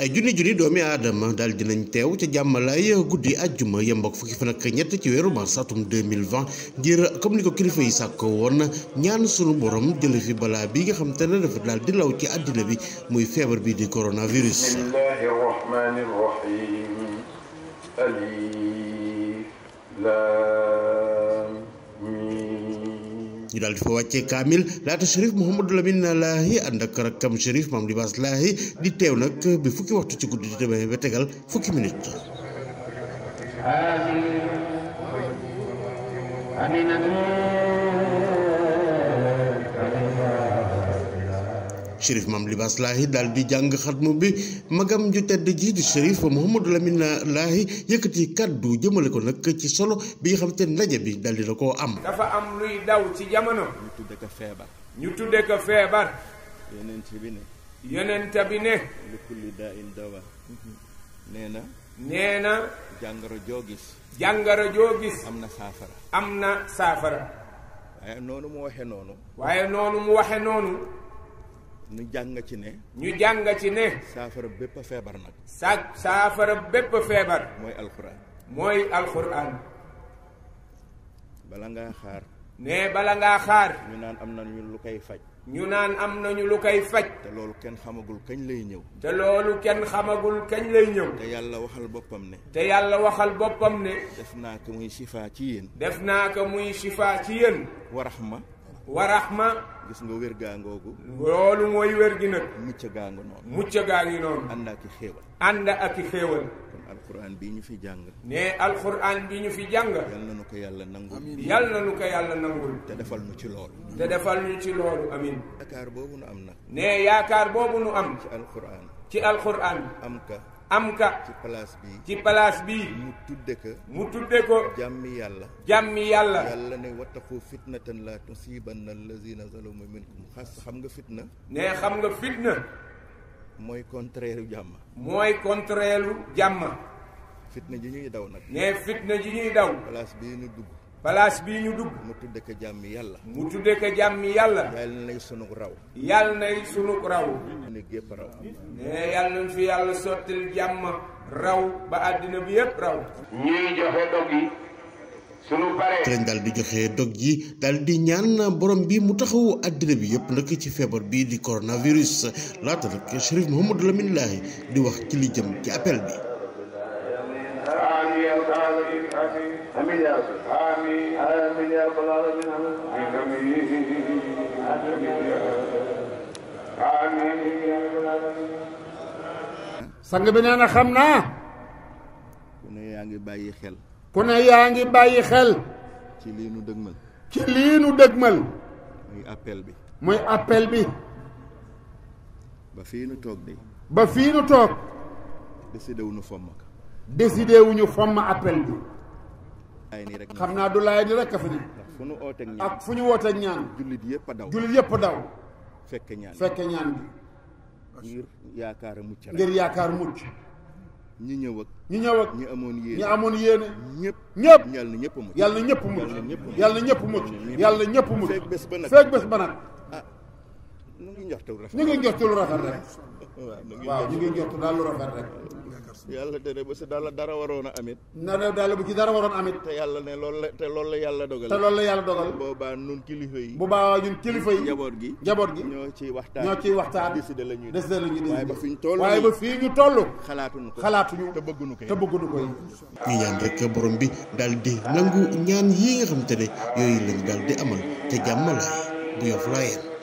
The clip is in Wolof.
ay junni junni doomi aadama daal dinañ teew ca jàmmalaay guddi àjjuma yem ak fukki fan ak ñett ci weeru mars atum 2020 ngir comme ni ko kilifa yi sàkk woon ñaan sunu borom jële fi balaa bi nga xam te ne dafa daal di law ci àddina bi muy feebar bi di coronavirus bismillahi rahmani rahim alif lam ñu daal di fa wàccee kaamil laata shérif Mouhamadou Lamine Laahi ànd ak rakkam shérif Mame Libaas Laahi di teew nag bi fukki waxtu ci guddi di tegal fukki minute. Chérif Mame daal di jàng xatmu bi magam ju tedd ji di Chérif Mouhamadou Lamine Lahi yëkkati kàddu jëmale ko nag ci solo bi nga xamante ndaje bi daal di koo am. dafa am luy daw ci jamono. ñu ñu tudde ko feebar. yonent bi ne. yonent bi ne. li na. nee na. jàngoro joo gis. jàngoro joo am na saafara. am na saafara. waaye noonu mu waxe noonu. waaye noonu mu waxe noonu. ñu jang ci ne ñu jang ci ne safar bepp febar nak sa saafara bépp febar, alquran moy alquran bala nga xaar ne bala nga xaar ñu naan am na ñu lu kay faj ñu naan am ñu lu kay faj te lolu ken xamagul kañ lay ñew te lolu ken xamagul kañ lay ñew te yalla waxal bopam ne te yalla waxal bopam ne defna ko muy shifa ci yeen defna ko muy shifa ci yeen wa wa rahma gis nga wér gaa ngoogu loolu mooy wér gi nag mucc gaa mucc gaa ngi noonu ànd ak i xéewal ànd ak i xéewal kon alquran bi ñu fi jàng ne alquran bi ñu fi jàng yal na nu ko yàlla nangul yal na nu ko yàlla nangul te defal nu ci loolu te defal nu ci loolu amin yaakaar boobu nu am na ne yaakaar boobu nu am ci alquran ci alquran am ka am ka ci place bii ci place bi mu tudde ko mu tudde ko jàmm yàlla jàmm yàlla yàlla ne wattaqu fitnatan la tusibanna allazina zalamu minkum xas xam nga fitna ne xam nga fitna mooy contraire jàmm mooy contraire u jàmm fitna ji ñuy daw nag ne fitna ji ñuy daw place bii ñu dugg palaas bii ñu dugg. mu tudde ko jàmmi yàlla. mu tudde ko jàmmi yàlla. yàlla nay sunug raw. yàlla nay sunug raw. ne yàlla nañ fi yàlla sottil jàmm raw ba àddina bi yëpp raw. ñuy joxe dog yi sunu paree. ci lañ daal di joxe dog yi daldi di ñaan borom bi mu taxawu àddina bi yëpp nag ci feebar bii di coronavirus laata nag Chérif Mouhamadou Lamine Laye di wax ci li jëm ci appel bi. العافية آمين sang bi nee na xam naa. ku ne yaa ngi bàyyi xel. ku ne yaa ngi bàyyi xel. ci lii nu dëgmal. ci muy appel bi. muy appel bi. ba fii nu toog de. ba fii nu toog. décidé fomm appel bi. xam naa du laay ni rek a fa ni fu ñu ooteeg fu ñu wooteeg ñaan jullit yëpp daw jullit yëpp daw fekke ñaan fekk ñaan bi ngir yaakaar a mucc ngir yaakaar mucc ñi ñëw ak ñi ñëw ak ñi amoon yéene ñi amoon yéene ñëpp ñëpp yàlla na ñëpp mucc yàlla na ñëpp mucc yàlla na ñëpp mucc yàlla na ñëpp mucc feeg bés ba nag feeg bés ba nag ah, njortu lu rafet. ñu ngi njortu lu rafet rek. waaw ñu ngi njortu daal lu rafet rek. yàlla dene ba si daal dara waroon a amit na daal bu ci dara waroon amit te yàlla ne loolu la te loolu la yàlla dogal te loolu la yàlla dogal boobaa nun kilifa yi boobaa ñun kilifa yi njaboot gi njaboot gi ñoo ciy waxtaan ñoo ciy waxtaan décidé la ñuy décidé la ñuy waaye ba fi ñu toll waaye ba fii ñu toll xalaatuñu ko xalaatuñu te bëgguñu ko te bëgguñu ko yi ñu ñaan rek borom bi daal di nangu ñaan yi nga xam te ne yooyu lañ daal di amal te jàmmalaay bu yof laayeen